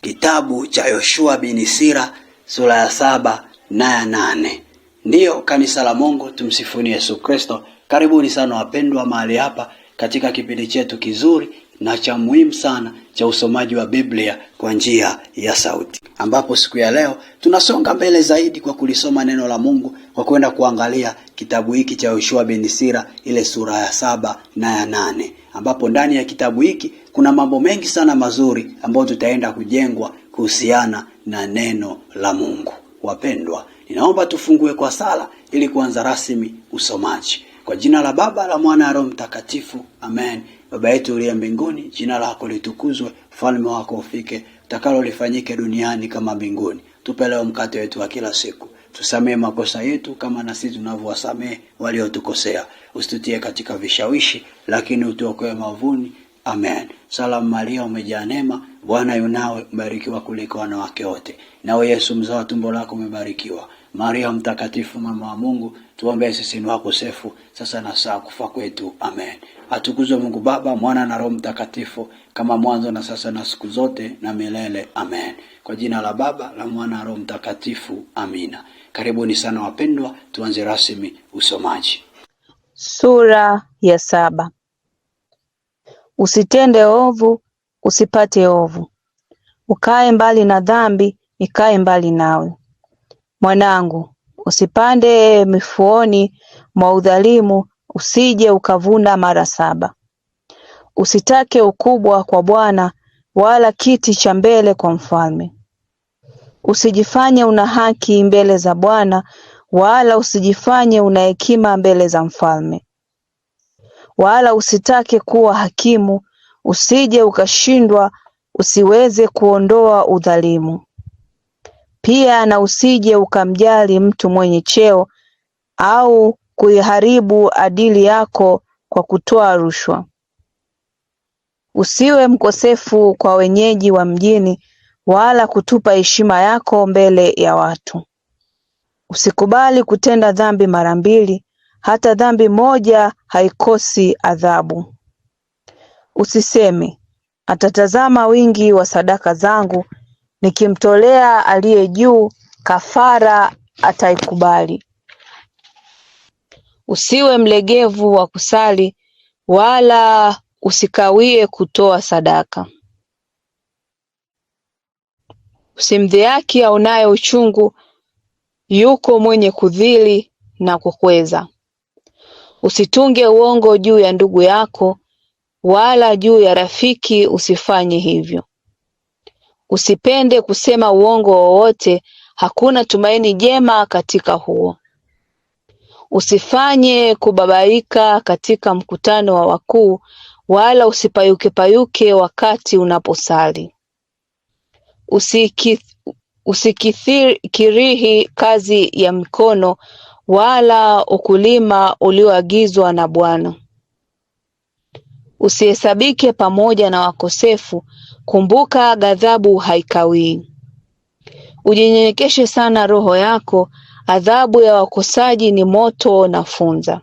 kitabu cha Yoshua bin Sira sura ya saba na ya nane. Ndiyo kanisa la Mungu, tumsifuni Yesu Kristo. Karibuni sana wapendwa mahali hapa katika kipindi chetu kizuri na cha muhimu sana cha usomaji wa Biblia kwa njia ya sauti, ambapo siku ya leo tunasonga mbele zaidi kwa kulisoma neno la Mungu kwa kwenda kuangalia kitabu hiki cha Yoshua bin Sira, ile sura ya saba na ya nane, ambapo ndani ya kitabu hiki kuna mambo mengi sana mazuri ambayo tutaenda kujengwa kuhusiana na neno la Mungu. Wapendwa, ninaomba tufungue kwa sala ili kuanza rasmi usomaji. Kwa jina la Baba la Mwana na Roho Mtakatifu, amen. Baba yetu uliye mbinguni, jina lako litukuzwe, ufalme wako ufike, utakalo lifanyike duniani kama mbinguni. Tupe leo mkate wetu wa kila siku, tusamehe makosa yetu kama na sisi tunavyowasamehe waliotukosea, usitutie katika vishawishi, lakini utuokoe mavuni. Amen. Salamu Maria, umejaa neema, Bwana yu nawe, umebarikiwa kuliko wanawake wote, nawe Yesu mzao wa tumbo lako umebarikiwa. Maria mtakatifu, mama wa Mungu, tuombee sisi ni wakosefu, sasa na saa kufa kwetu. Amen. Atukuzwe Mungu Baba, Mwana na Roho Mtakatifu, kama mwanzo na sasa na siku zote na milele. Amen. Kwa jina la Baba la Mwana na Roho Mtakatifu. Amina. Karibuni sana wapendwa, tuanze rasmi usomaji sura ya saba. Usitende ovu, usipate ovu; ukae mbali na dhambi, ikae mbali nawe. Mwanangu, usipande mifuoni mwa udhalimu, usije ukavuna mara saba. Usitake ukubwa kwa Bwana, wala kiti cha mbele kwa mfalme. Usijifanye una haki mbele za Bwana, wala usijifanye una hekima mbele za mfalme wala usitake kuwa hakimu usije ukashindwa usiweze kuondoa udhalimu pia na usije ukamjali mtu mwenye cheo au kuiharibu adili yako kwa kutoa rushwa usiwe mkosefu kwa wenyeji wa mjini wala kutupa heshima yako mbele ya watu usikubali kutenda dhambi mara mbili hata dhambi moja haikosi adhabu. Usiseme, atatazama wingi wa sadaka zangu, nikimtolea aliye juu kafara ataikubali. Usiwe mlegevu wa kusali, wala usikawie kutoa sadaka. Usimdhihaki aonaye uchungu, yuko mwenye kudhili na kukweza. Usitunge uongo juu ya ndugu yako, wala juu ya rafiki usifanye hivyo. Usipende kusema uongo wowote, hakuna tumaini jema katika huo. Usifanye kubabaika katika mkutano wa wakuu, wala usipayuke payuke wakati unaposali. Usikithiri, usikithiri kazi ya mikono wala ukulima ulioagizwa na Bwana. Usihesabike pamoja na wakosefu, kumbuka ghadhabu haikawii. Ujinyenyekeshe sana roho yako, adhabu ya wakosaji ni moto na funza.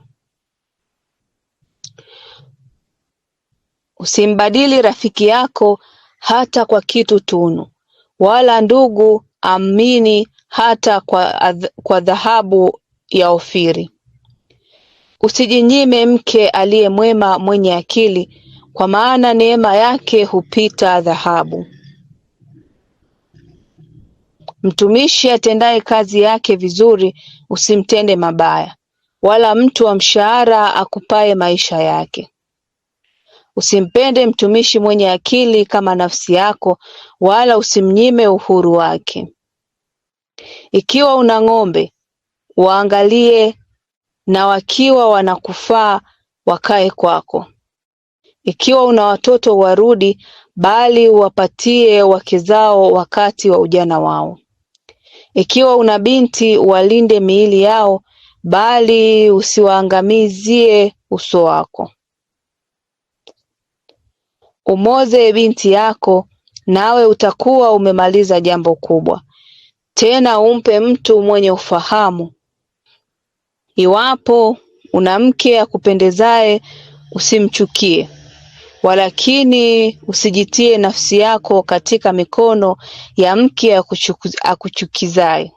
Usimbadili rafiki yako hata kwa kitu tunu, wala ndugu amini hata kwa, kwa dhahabu ya Ofiri Usijinyime mke aliye mwema mwenye akili, kwa maana neema yake hupita dhahabu. Mtumishi atendaye kazi yake vizuri usimtende mabaya, wala mtu wa mshahara akupaye maisha yake. Usimpende mtumishi mwenye akili kama nafsi yako, wala usimnyime uhuru wake. Ikiwa una ng'ombe waangalie na wakiwa wanakufaa wakae kwako. Ikiwa una watoto warudi, bali wapatie wake zao wakati wa ujana wao. Ikiwa una binti, walinde miili yao, bali usiwaangamizie uso wako. Umoze binti yako, nawe utakuwa umemaliza jambo kubwa. Tena umpe mtu mwenye ufahamu Iwapo una mke akupendezaye usimchukie, walakini usijitie nafsi yako katika mikono ya mke akuchukizaye.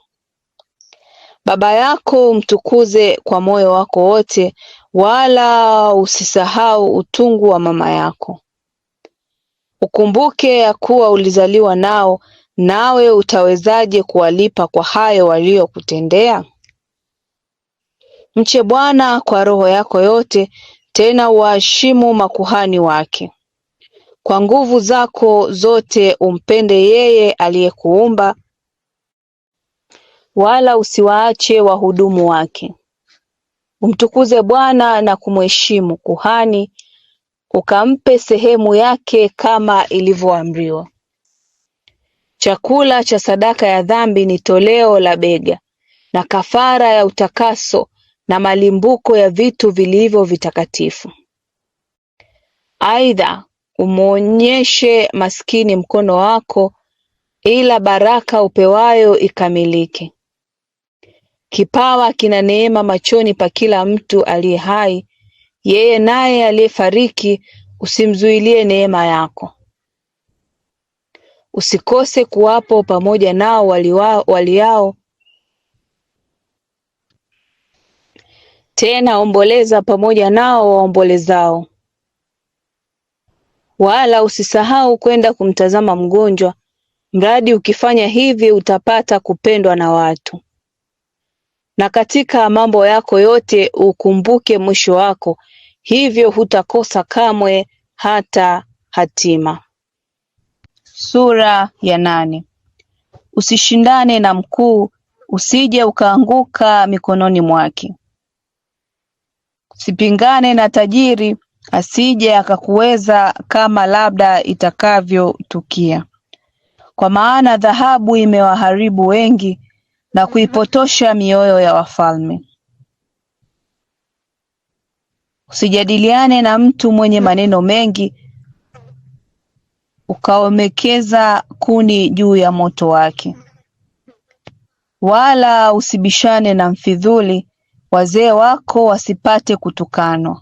Baba yako mtukuze kwa moyo wako wote, wala usisahau utungu wa mama yako. Ukumbuke ya kuwa ulizaliwa nao, nawe utawezaje kuwalipa kwa hayo waliyokutendea? Mche Bwana kwa roho yako yote, tena uwaheshimu makuhani wake. Kwa nguvu zako zote umpende yeye aliyekuumba, wala usiwaache wahudumu wake. Umtukuze Bwana na kumheshimu kuhani, ukampe sehemu yake kama ilivyoamriwa. Chakula cha sadaka ya dhambi ni toleo la bega, na kafara ya utakaso na malimbuko ya vitu vilivyo vitakatifu. Aidha, umwonyeshe maskini mkono wako, ila baraka upewayo ikamilike. Kipawa kina neema machoni pa kila mtu aliye hai, yeye naye aliyefariki usimzuilie neema yako. Usikose kuwapo pamoja nao waliao tena omboleza pamoja nao waombolezao, wala usisahau kwenda kumtazama mgonjwa. Mradi ukifanya hivi utapata kupendwa na watu, na katika mambo yako yote ukumbuke mwisho wako, hivyo hutakosa kamwe hata hatima. Sura ya nane. Usishindane na mkuu, usije ukaanguka mikononi mwake. Usipingane na tajiri asije akakuweza kama labda itakavyotukia, kwa maana dhahabu imewaharibu wengi na kuipotosha mioyo ya wafalme. Usijadiliane na mtu mwenye maneno mengi, ukaomekeza kuni juu ya moto wake, wala usibishane na mfidhuli wazee wako wasipate kutukanwa.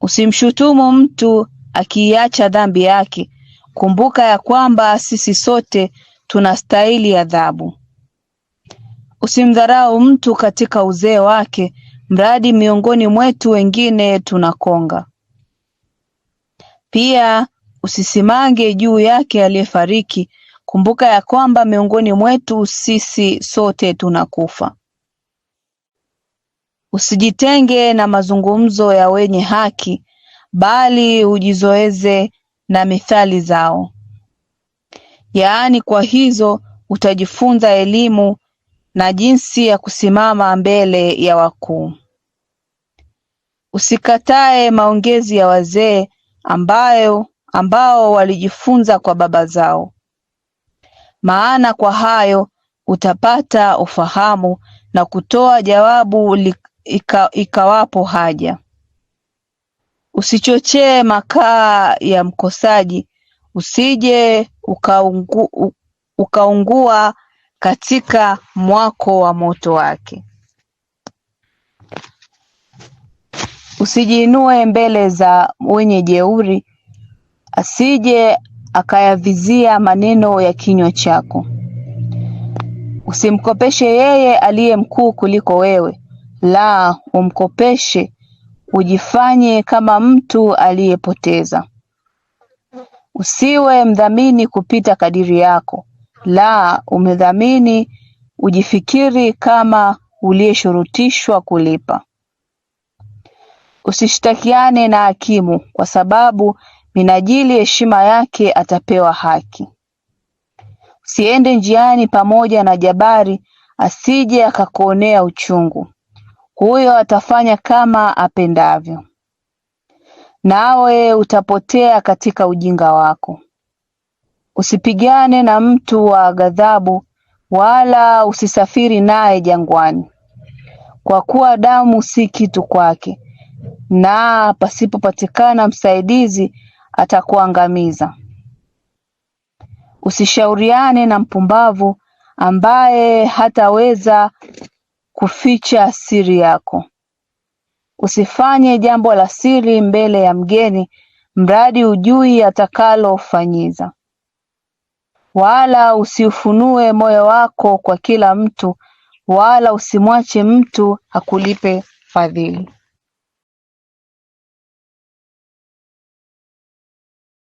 Usimshutumu mtu akiiacha dhambi yake, kumbuka ya kwamba sisi sote tunastahili adhabu. Usimdharau mtu katika uzee wake, mradi miongoni mwetu wengine tunakonga. Pia usisimange juu yake aliyefariki, kumbuka ya kwamba miongoni mwetu sisi sote tunakufa. Usijitenge na mazungumzo ya wenye haki bali ujizoeze na mithali zao, yaani kwa hizo utajifunza elimu na jinsi ya kusimama mbele ya wakuu. Usikatae maongezi ya wazee ambayo ambao walijifunza kwa baba zao, maana kwa hayo utapata ufahamu na kutoa jawabu li, ika, ikawapo haja. Usichochee makaa ya mkosaji, usije ukaungu, ukaungua katika mwako wa moto wake. Usijiinue mbele za wenye jeuri, asije akayavizia maneno ya kinywa chako. Usimkopeshe yeye aliye mkuu kuliko wewe, la umkopeshe ujifanye kama mtu aliyepoteza. Usiwe mdhamini kupita kadiri yako, la umedhamini ujifikiri kama uliyeshurutishwa kulipa. Usishtakiane na hakimu, kwa sababu minajili heshima yake atapewa haki. Usiende njiani pamoja na jabari, asije akakuonea uchungu huyo atafanya kama apendavyo, nawe utapotea katika ujinga wako. Usipigane na mtu wa ghadhabu, wala usisafiri naye jangwani, kwa kuwa damu si kitu kwake, na pasipopatikana msaidizi atakuangamiza. Usishauriane na mpumbavu ambaye hataweza kuficha siri yako. Usifanye jambo la siri mbele ya mgeni, mradi ujui atakalofanyiza, wala usiufunue moyo wako kwa kila mtu, wala usimwache mtu akulipe fadhili.